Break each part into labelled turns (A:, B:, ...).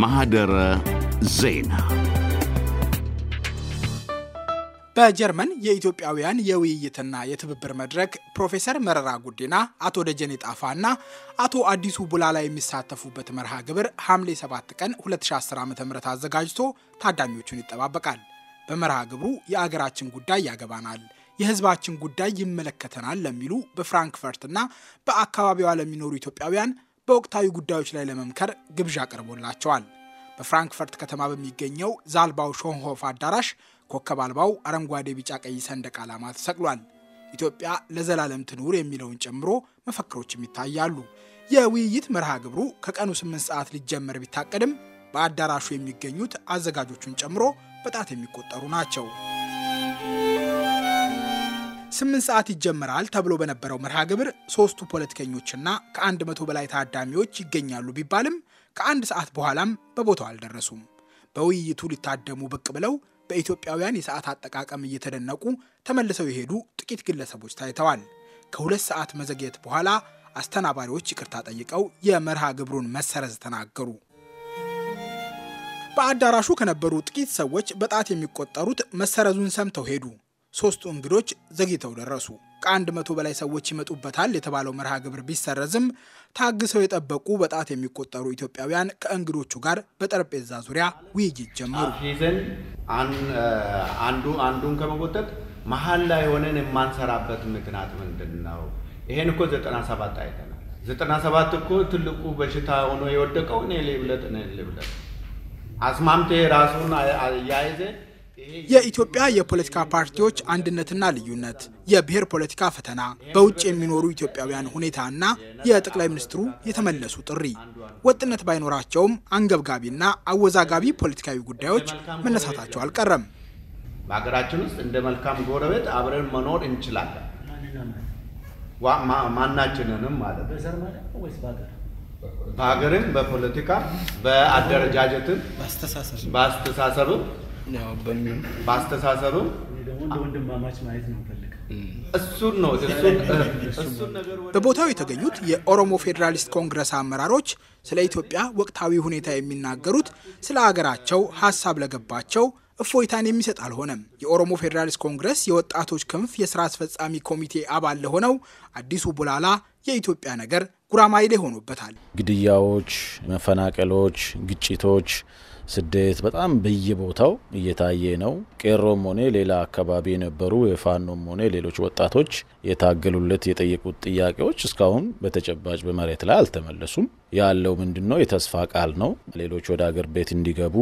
A: ማህደረ ዜና
B: በጀርመን የኢትዮጵያውያን የውይይትና የትብብር መድረክ ፕሮፌሰር መረራ ጉዲና፣ አቶ ደጀኔ ጣፋ እና አቶ አዲሱ ቡላላ የሚሳተፉበት መርሃ ግብር ሐምሌ 7 ቀን 2010 ዓ ም አዘጋጅቶ ታዳሚዎቹን ይጠባበቃል። በመርሃ ግብሩ የአገራችን ጉዳይ ያገባናል የህዝባችን ጉዳይ ይመለከተናል ለሚሉ በፍራንክፈርትና በአካባቢዋ ለሚኖሩ ኢትዮጵያውያን በወቅታዊ ጉዳዮች ላይ ለመምከር ግብዣ ቀርቦላቸዋል። በፍራንክፈርት ከተማ በሚገኘው ዛልባው ሾንሆፍ አዳራሽ ኮከብ አልባው አረንጓዴ፣ ቢጫ፣ ቀይ ሰንደቅ ዓላማ ተሰቅሏል። ኢትዮጵያ ለዘላለም ትኑር የሚለውን ጨምሮ መፈክሮችም ይታያሉ። የውይይት መርሃ ግብሩ ከቀኑ 8 ሰዓት ሊጀመር ቢታቀድም በአዳራሹ የሚገኙት አዘጋጆቹን ጨምሮ በጣት የሚቆጠሩ ናቸው። ስምንት ሰዓት ይጀምራል ተብሎ በነበረው መርሃ ግብር ሶስቱ ፖለቲከኞችና ከአንድ መቶ በላይ ታዳሚዎች ይገኛሉ ቢባልም ከአንድ ሰዓት በኋላም በቦታው አልደረሱም። በውይይቱ ሊታደሙ ብቅ ብለው በኢትዮጵያውያን የሰዓት አጠቃቀም እየተደነቁ ተመልሰው የሄዱ ጥቂት ግለሰቦች ታይተዋል። ከሁለት ሰዓት መዘግየት በኋላ አስተናባሪዎች ይቅርታ ጠይቀው የመርሃ ግብሩን መሰረዝ ተናገሩ። በአዳራሹ ከነበሩ ጥቂት ሰዎች በጣት የሚቆጠሩት መሰረዙን ሰምተው ሄዱ። ሶስቱ እንግዶች ዘግይተው ደረሱ። ከአንድ መቶ በላይ ሰዎች ይመጡበታል የተባለው መርሃ ግብር ቢሰረዝም ታግሰው የጠበቁ በጣት የሚቆጠሩ ኢትዮጵያውያን ከእንግዶቹ ጋር በጠረጴዛ ዙሪያ ውይይት ጀመሩ። አንዱ አንዱን ከመጎተት
A: መሀል ላይ ሆነን የማንሰራበት ምክንያት ምንድን ነው? ይሄን እኮ 97 ሰባት አይተናል። 97 እኮ ትልቁ በሽታ ሆኖ የወደቀው እኔ ልብለጥ እኔ ልብለጥ አስማምቴ ራሱን እያይዘ
B: የኢትዮጵያ የፖለቲካ ፓርቲዎች አንድነትና ልዩነት፣ የብሔር ፖለቲካ ፈተና፣ በውጭ የሚኖሩ ኢትዮጵያውያን እና የጠቅላይ ሚኒስትሩ የተመለሱ ጥሪ ወጥነት ባይኖራቸውም አንገብጋቢና አወዛጋቢ ፖለቲካዊ ጉዳዮች መነሳታቸው አልቀረም። በሀገራችን ውስጥ እንደ መልካም
A: ጎረቤት አብረን መኖር እንችላለን። ማናችንንም ማለት በሀገርም በፖለቲካ በአደረጃጀትም
B: በአስተሳሰብም በአስተሳሰብም በቦታው የተገኙት የኦሮሞ ፌዴራሊስት ኮንግረስ አመራሮች ስለ ኢትዮጵያ ወቅታዊ ሁኔታ የሚናገሩት ስለ አገራቸው ሀሳብ ለገባቸው እፎይታን የሚሰጥ አልሆነም። የኦሮሞ ፌዴራሊስት ኮንግረስ የወጣቶች ክንፍ የስራ አስፈጻሚ ኮሚቴ አባል ለሆነው አዲሱ ቡላላ የኢትዮጵያ ነገር ጉራማይሌ ሆኖበታል።
C: ግድያዎች፣ መፈናቀሎች፣ ግጭቶች ስደት በጣም በየቦታው እየታየ ነው። ቄሮም ሆነ ሌላ አካባቢ የነበሩ የፋኖም ሆነ ሌሎች ወጣቶች የታገሉለት የጠየቁት ጥያቄዎች እስካሁን በተጨባጭ በመሬት ላይ አልተመለሱም። ያለው ምንድን ነው? የተስፋ ቃል ነው። ሌሎች ወደ አገር ቤት እንዲገቡ፣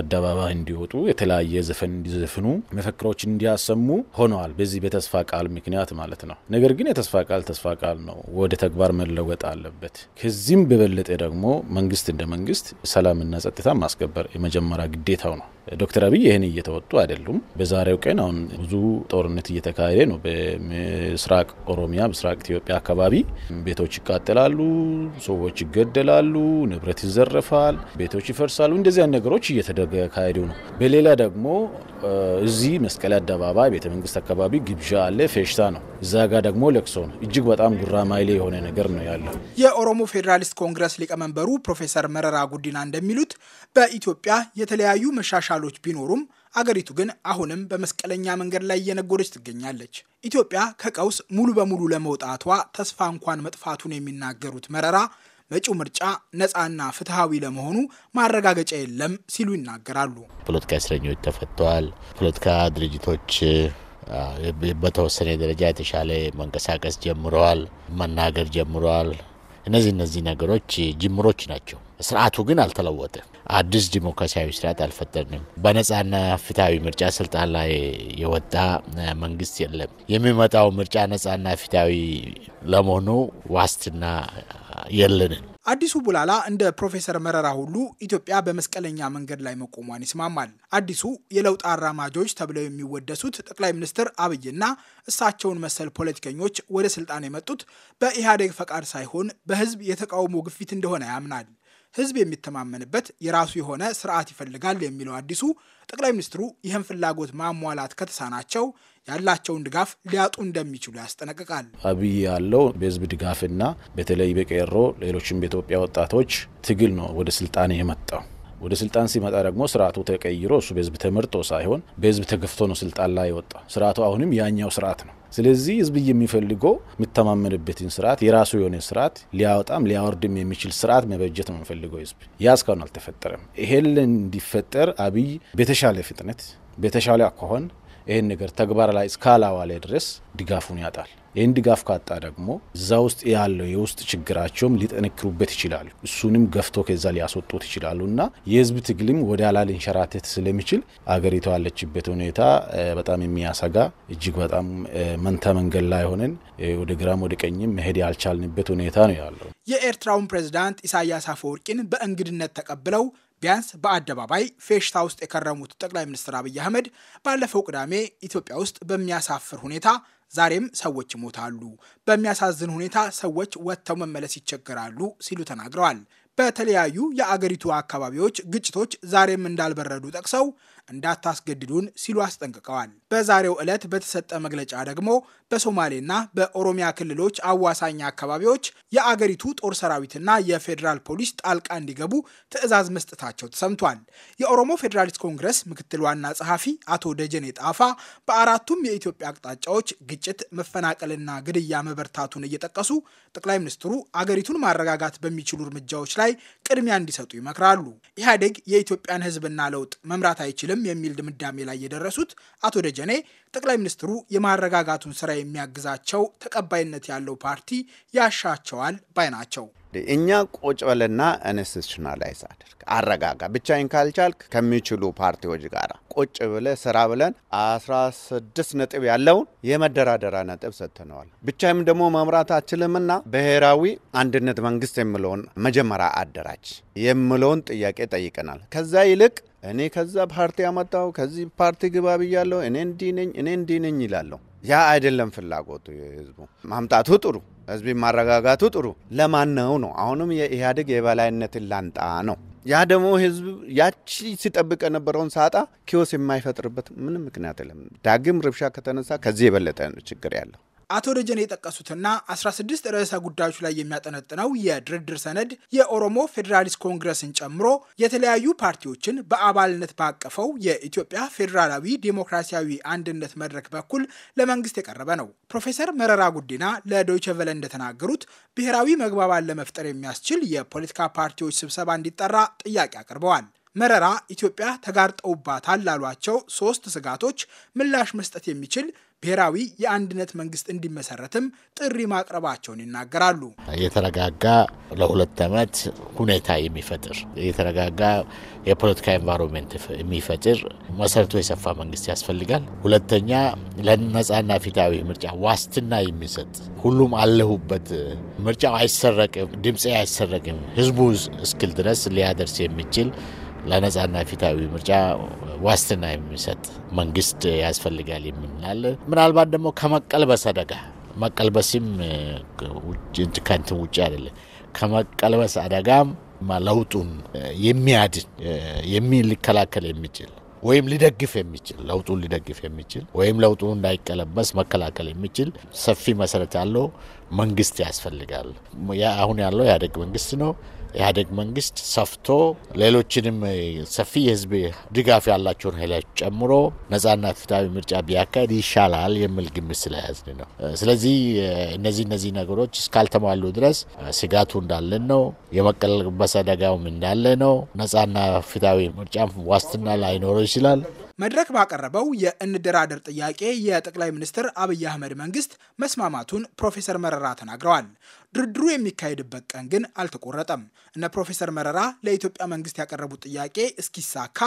C: አደባባይ እንዲወጡ፣ የተለያየ ዘፈን እንዲዘፍኑ፣ መፈክሮች እንዲያሰሙ ሆነዋል። በዚህ በተስፋ ቃል ምክንያት ማለት ነው። ነገር ግን የተስፋ ቃል ተስፋ ቃል ነው፣ ወደ ተግባር መለወጥ አለበት። ከዚህም በበለጠ ደግሞ መንግስት እንደ መንግስት ሰላምና ጸጥታ ማስገባት የመጀመሪያ ግዴታው ነው። ዶክተር አብይ ይህን እየተወጡ አይደሉም። በዛሬው ቀን አሁን ብዙ ጦርነት እየተካሄደ ነው። በምስራቅ ኦሮሚያ፣ ምስራቅ ኢትዮጵያ አካባቢ ቤቶች ይቃጠላሉ፣ ሰዎች ይገደላሉ፣ ንብረት ይዘረፋል፣ ቤቶች ይፈርሳሉ። እንደዚያን ነገሮች እየተካሄዱ ነው። በሌላ ደግሞ እዚህ መስቀል አደባባይ ቤተ መንግስት አካባቢ ግብዣ አለ፣ ፌሽታ ነው። እዛ ጋር ደግሞ ለቅሶ ነው። እጅግ በጣም ጉራማይሌ የሆነ ነገር ነው
B: ያለው። የኦሮሞ ፌዴራሊስት ኮንግረስ ሊቀመንበሩ ፕሮፌሰር መረራ ጉዲና እንደሚሉት በኢትዮጵያ የተለያዩ መሻሻል ፌዴራሎች ቢኖሩም አገሪቱ ግን አሁንም በመስቀለኛ መንገድ ላይ እየነጎደች ትገኛለች። ኢትዮጵያ ከቀውስ ሙሉ በሙሉ ለመውጣቷ ተስፋ እንኳን መጥፋቱን የሚናገሩት መረራ መጪው ምርጫ ነፃና ፍትሐዊ ለመሆኑ ማረጋገጫ የለም ሲሉ ይናገራሉ።
D: ፖለቲካ እስረኞች ተፈተዋል። ፖለቲካ ድርጅቶች በተወሰነ ደረጃ የተሻለ መንቀሳቀስ ጀምረዋል፣ መናገር ጀምረዋል። እነዚህ እነዚህ ነገሮች ጅምሮች ናቸው። ስርዓቱ ግን አልተለወጠ። አዲስ ዲሞክራሲያዊ ስርዓት አልፈጠርንም። በነጻና ፍትሐዊ ምርጫ ስልጣን ላይ የወጣ መንግስት የለም። የሚመጣው ምርጫ ነጻና ፍትሐዊ ለመሆኑ ዋስትና የለንም።
B: አዲሱ ቡላላ እንደ ፕሮፌሰር መረራ ሁሉ ኢትዮጵያ በመስቀለኛ መንገድ ላይ መቆሟን ይስማማል። አዲሱ የለውጥ አራማጆች ተብለው የሚወደሱት ጠቅላይ ሚኒስትር አብይና እሳቸውን መሰል ፖለቲከኞች ወደ ስልጣን የመጡት በኢህአዴግ ፈቃድ ሳይሆን በህዝብ የተቃውሞ ግፊት እንደሆነ ያምናል። ህዝብ የሚተማመንበት የራሱ የሆነ ስርዓት ይፈልጋል የሚለው አዲሱ ጠቅላይ ሚኒስትሩ ይህን ፍላጎት ማሟላት ከተሳናቸው ያላቸውን ድጋፍ ሊያጡ እንደሚችሉ ያስጠነቅቃል።
C: አብይ ያለው በህዝብ ድጋፍና በተለይ በቄሮ ሌሎችም በኢትዮጵያ ወጣቶች ትግል ነው ወደ ስልጣን የመጣው። ወደ ስልጣን ሲመጣ ደግሞ ስርዓቱ ተቀይሮ እሱ በህዝብ ተመርጦ ሳይሆን በህዝብ ተገፍቶ ነው ስልጣን ላይ የወጣው። ስርዓቱ አሁንም ያኛው ስርዓት ነው። ስለዚህ ህዝብ የሚፈልገው የሚተማመንበትን ስርዓት የራሱ የሆነ ስርዓት ሊያወጣም ሊያወርድም የሚችል ስርዓት መበጀት ነው የሚፈልገው ህዝብ። ያ እስካሁን አልተፈጠረም። ይሄን እንዲፈጠር አብይ በተሻለ ፍጥነት በተሻለ አኳኋን ይህን ነገር ተግባር ላይ እስካላዋለ ድረስ ድጋፉን ያጣል። ይህን ድጋፍ ካጣ ደግሞ እዛ ውስጥ ያለው የውስጥ ችግራቸውም ሊጠነክሩበት ይችላሉ። እሱንም ገፍቶ ከዛ ሊያስወጡት ይችላሉ እና የህዝብ ትግልም ወደ ኋላ ሊንሸራተት ስለሚችል አገሪቷ ያለችበት ሁኔታ በጣም የሚያሰጋ እጅግ በጣም መንታ መንገድ ላይ ሆነን ወደ ግራም ወደ ቀኝም መሄድ ያልቻልንበት ሁኔታ ነው ያለው።
B: የኤርትራውን ፕሬዝዳንት ኢሳያስ አፈወርቂን በእንግድነት ተቀብለው ቢያንስ በአደባባይ ፌሽታ ውስጥ የከረሙት ጠቅላይ ሚኒስትር አብይ አህመድ ባለፈው ቅዳሜ ኢትዮጵያ ውስጥ በሚያሳፍር ሁኔታ ዛሬም ሰዎች ይሞታሉ፣ በሚያሳዝን ሁኔታ ሰዎች ወጥተው መመለስ ይቸገራሉ ሲሉ ተናግረዋል። በተለያዩ የአገሪቱ አካባቢዎች ግጭቶች ዛሬም እንዳልበረዱ ጠቅሰው እንዳታስገድዱን ሲሉ አስጠንቅቀዋል። በዛሬው ዕለት በተሰጠ መግለጫ ደግሞ በሶማሌና በኦሮሚያ ክልሎች አዋሳኝ አካባቢዎች የአገሪቱ ጦር ሰራዊትና የፌዴራል ፖሊስ ጣልቃ እንዲገቡ ትዕዛዝ መስጠታቸው ተሰምቷል። የኦሮሞ ፌዴራሊስት ኮንግረስ ምክትል ዋና ጸሐፊ አቶ ደጀኔ ጣፋ በአራቱም የኢትዮጵያ አቅጣጫዎች ግጭት፣ መፈናቀልና ግድያ መበርታቱን እየጠቀሱ ጠቅላይ ሚኒስትሩ አገሪቱን ማረጋጋት በሚችሉ እርምጃዎች ላይ ቅድሚያ እንዲሰጡ ይመክራሉ። ኢህአዴግ የኢትዮጵያን ሕዝብና ለውጥ መምራት አይችልም አይደለም የሚል ድምዳሜ ላይ የደረሱት አቶ ደጀኔ ጠቅላይ ሚኒስትሩ የማረጋጋቱን ስራ የሚያግዛቸው ተቀባይነት ያለው ፓርቲ ያሻቸዋል ባይ ናቸው።
A: እኛ ቁጭ በልና ኢንስቲቱሽናላይዝ አድርግ አረጋጋ፣ ብቻዬን ካልቻልክ ከሚችሉ ፓርቲዎች ጋር ቁጭ ብለ ስራ ብለን 16 ነጥብ ያለውን የመደራደራ ነጥብ ሰጥተነዋል። ብቻይም ደግሞ መምራት አችልምና ብሔራዊ አንድነት መንግስት የምለውን መጀመሪያ አደራጅ የምለውን ጥያቄ ጠይቀናል። ከዛ ይልቅ እኔ ከዛ ፓርቲ ያመጣው ከዚህ ፓርቲ ግባብ ብያለሁ፣ እኔ እንዲህ ነኝ፣ እኔ እንዲህ ነኝ እኔ ይላለሁ ያ አይደለም ፍላጎቱ። የህዝቡ ማምጣቱ ጥሩ፣ ህዝብ ማረጋጋቱ ጥሩ። ለማን ነው ነው? አሁንም የኢህአዴግ የበላይነትን ላንጣ ነው። ያ ደግሞ ህዝብ ያቺ ሲጠብቅ የነበረውን ሳጣ ኪዮስ የማይፈጥርበት ምንም ምክንያት የለም። ዳግም ርብሻ ከተነሳ ከዚህ የበለጠ ችግር ያለው
B: አቶ ደጀኔ የጠቀሱትና 16 ርዕሰ ጉዳዮች ላይ የሚያጠነጥነው የድርድር ሰነድ የኦሮሞ ፌዴራሊስት ኮንግረስን ጨምሮ የተለያዩ ፓርቲዎችን በአባልነት ባቀፈው የኢትዮጵያ ፌዴራላዊ ዴሞክራሲያዊ አንድነት መድረክ በኩል ለመንግስት የቀረበ ነው። ፕሮፌሰር መረራ ጉዲና ለዶይቸ ቨለ እንደተናገሩት ብሔራዊ መግባባት ለመፍጠር የሚያስችል የፖለቲካ ፓርቲዎች ስብሰባ እንዲጠራ ጥያቄ አቅርበዋል። መረራ ኢትዮጵያ ተጋርጠውባታል ላሏቸው ሶስት ስጋቶች ምላሽ መስጠት የሚችል ብሔራዊ የአንድነት መንግስት እንዲመሰረትም ጥሪ ማቅረባቸውን ይናገራሉ።
D: የተረጋጋ ለሁለት ዓመት ሁኔታ የሚፈጥር የተረጋጋ የፖለቲካ ኤንቫይሮንመንት የሚፈጥር መሰረቱ የሰፋ መንግስት ያስፈልጋል። ሁለተኛ ለነጻና ፊታዊ ምርጫ ዋስትና የሚሰጥ ሁሉም አለሁበት ምርጫው አይሰረቅም፣ ድምፄ አይሰረቅም ህዝቡ እስክል ድረስ ሊያደርስ የሚችል ለነጻና ፊታዊ ምርጫ ዋስትና የሚሰጥ መንግስት ያስፈልጋል የምንላል። ምናልባት ደግሞ ከመቀልበስ አደጋ መቀልበስም ከንትን ውጭ አይደለም። ከመቀልበስ አደጋም ለውጡን የሚያድን ሊከላከል የሚችል ወይም ሊደግፍ የሚችል ለውጡን ሊደግፍ የሚችል ወይም ለውጡ እንዳይቀለበስ መከላከል የሚችል ሰፊ መሰረት ያለው መንግስት ያስፈልጋል። አሁን ያለው ኢህአዴግ መንግስት ነው። ኢህአዴግ መንግስት ሰፍቶ ሌሎችንም ሰፊ የህዝብ ድጋፍ ያላቸውን ኃይላት ጨምሮ ነጻና ፍትሐዊ ምርጫ ቢያካሄድ ይሻላል የሚል ግምት ስለያዝን ነው። ስለዚህ እነዚህ እነዚህ ነገሮች እስካልተሟሉ ድረስ ስጋቱ እንዳለን ነው። የመቀለበስ አደጋውም እንዳለ ነው። ነጻና ፍትሐዊ ምርጫ ዋስትና ላይኖረው ይችላል።
B: መድረክ ባቀረበው የእንደራደር ጥያቄ የጠቅላይ ሚኒስትር አብይ አህመድ መንግስት መስማማቱን ፕሮፌሰር መረራ ተናግረዋል። ድርድሩ የሚካሄድበት ቀን ግን አልተቆረጠም። እነ ፕሮፌሰር መረራ ለኢትዮጵያ መንግስት ያቀረቡት ጥያቄ እስኪሳካ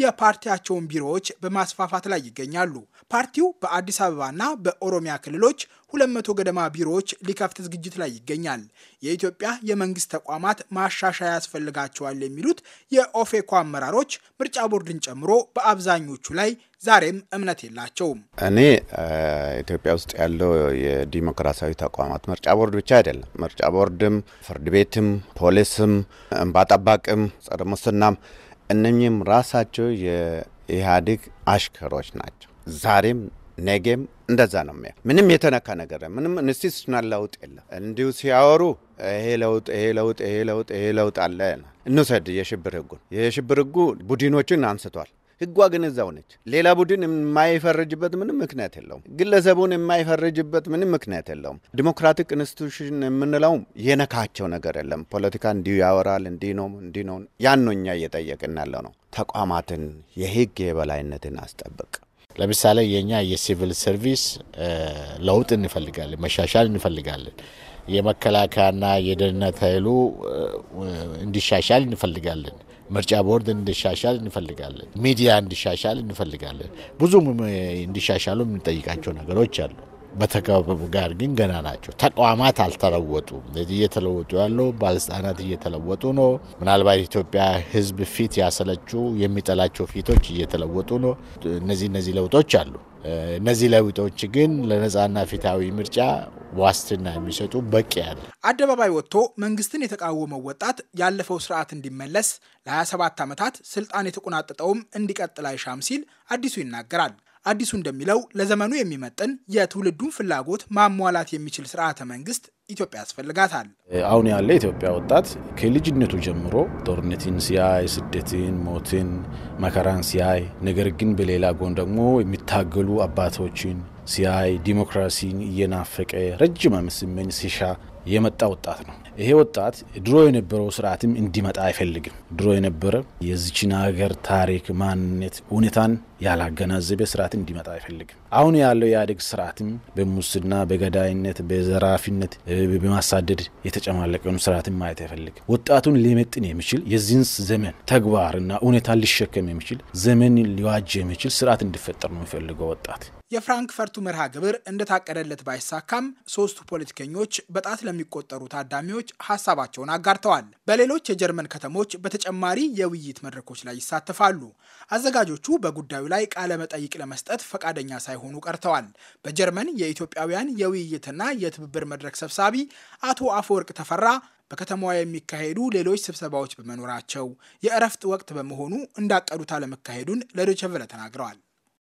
B: የፓርቲያቸውን ቢሮዎች በማስፋፋት ላይ ይገኛሉ። ፓርቲው በአዲስ አበባና በኦሮሚያ ክልሎች 200 ገደማ ቢሮዎች ሊከፍት ዝግጅት ላይ ይገኛል። የኢትዮጵያ የመንግስት ተቋማት ማሻሻያ ያስፈልጋቸዋል የሚሉት የኦፌኮ አመራሮች ምርጫ ቦርድን ጨምሮ በአብዛኞቹ ላይ ዛሬም እምነት የላቸውም።
A: እኔ ኢትዮጵያ ውስጥ ያለው የዲሞክራሲያዊ ተቋማት ምርጫ ቦርድ ብቻ አይደለም። ምርጫ ቦርድም፣ ፍርድ ቤትም፣ ፖሊስም፣ እንባ ጠባቅም፣ ጸረ ሙስናም እነኚህም ራሳቸው የኢህአዴግ አሽከሮች ናቸው። ዛሬም ነገም እንደዛ ነው የሚያ ምንም የተነካ ነገር ምንም ኢንስቲቱሽናል ለውጥ የለም። እንዲሁ ሲያወሩ ይሄ ለውጥ ይሄ ለውጥ ይሄ ለውጥ ይሄ ለውጥ አለ እንውሰድ የሽብር ህጉን የሽብር ህጉ ቡድኖችን አንስቷል። ህጓ ግን እዛው ነች። ሌላ ቡድን የማይፈርጅበት ምንም ምክንያት የለውም። ግለሰቡን የማይፈርጅበት ምንም ምክንያት የለውም። ዲሞክራቲክ ኢንስቲቱሽን የምንለውም የነካቸው ነገር የለም። ፖለቲካ እንዲሁ ያወራል፣ እንዲህ ነው፣ እንዲህ ነው። ያን ነው እኛ እየጠየቅን ያለው ነው። ተቋማትን የህግ የበላይነትን አስጠብቅ።
D: ለምሳሌ የእኛ የሲቪል ሰርቪስ ለውጥ እንፈልጋለን፣ መሻሻል እንፈልጋለን። የመከላከያና የደህንነት ኃይሉ እንዲሻሻል እንፈልጋለን። ምርጫ ቦርድ እንዲሻሻል እንፈልጋለን። ሚዲያ እንዲሻሻል እንፈልጋለን። ብዙም እንዲሻሻሉ የምንጠይቃቸው ነገሮች አሉ። በተከባበቡ ጋር ግን ገና ናቸው። ተቋማት አልተለወጡም። እየተለወጡ ያለው ባለስልጣናት እየተለወጡ ነው። ምናልባት ኢትዮጵያ ሕዝብ ፊት ያሰለችው የሚጠላቸው ፊቶች እየተለወጡ ነው። እነዚህ እነዚህ ለውጦች አሉ። እነዚህ ለውጦች ግን ለነጻና ፊታዊ ምርጫ ዋስትና የሚሰጡ በቂ ያለ
B: አደባባይ ወጥቶ መንግስትን የተቃወመው ወጣት ያለፈው ስርዓት እንዲመለስ ለ27 ዓመታት ስልጣን የተቆናጠጠውም እንዲቀጥል አይሻም ሲል አዲሱ ይናገራል። አዲሱ እንደሚለው ለዘመኑ የሚመጥን የትውልዱን ፍላጎት ማሟላት የሚችል ስርዓተ መንግስት ኢትዮጵያ ያስፈልጋታል።
C: አሁን ያለ ኢትዮጵያ ወጣት ከልጅነቱ ጀምሮ ጦርነትን ሲያይ፣ ስደትን፣ ሞትን፣ መከራን ሲያይ ነገር ግን በሌላ ጎን ደግሞ የሚታገሉ አባቶችን ሲያይ ዲሞክራሲን እየናፈቀ ረጅም ዓመት ሲሻ የመጣ ወጣት ነው። ይሄ ወጣት ድሮ የነበረው ስርዓትም እንዲመጣ አይፈልግም። ድሮ የነበረ የዚችን ሀገር ታሪክ፣ ማንነት፣ ሁኔታን ያላገናዘበ ስርዓት እንዲመጣ አይፈልግም። አሁን ያለው የኢህአዴግ ስርዓትም በሙስና፣ በገዳይነት፣ በዘራፊነት፣ በማሳደድ የተጨማለቀውን ስርዓትን ማየት አይፈልግም። ወጣቱን ሊመጥን የሚችል የዚህን ዘመን ተግባርና እውነታ ሊሸከም የሚችል ዘመን ሊዋጅ የሚችል ስርዓት እንዲፈጠር ነው የሚፈልገው ወጣት።
B: የፍራንክፈርቱ መርሃ ግብር እንደታቀደለት ባይሳካም ሶስቱ ፖለቲከኞች በጣት ለሚቆጠሩ ታዳሚዎች ሀሳባቸውን አጋርተዋል። በሌሎች የጀርመን ከተሞች በተጨማሪ የውይይት መድረኮች ላይ ይሳተፋሉ። አዘጋጆቹ በጉዳዩ ላይ ቃለ መጠይቅ ለመስጠት ፈቃደኛ ሳይሆኑ ቀርተዋል። በጀርመን የኢትዮጵያውያን የውይይትና የትብብር መድረክ ሰብሳቢ አቶ አፈወርቅ ተፈራ በከተማዋ የሚካሄዱ ሌሎች ስብሰባዎች በመኖራቸው የእረፍት ወቅት በመሆኑ እንዳቀዱት አለመካሄዱን ለዶቸቨለ ተናግረዋል።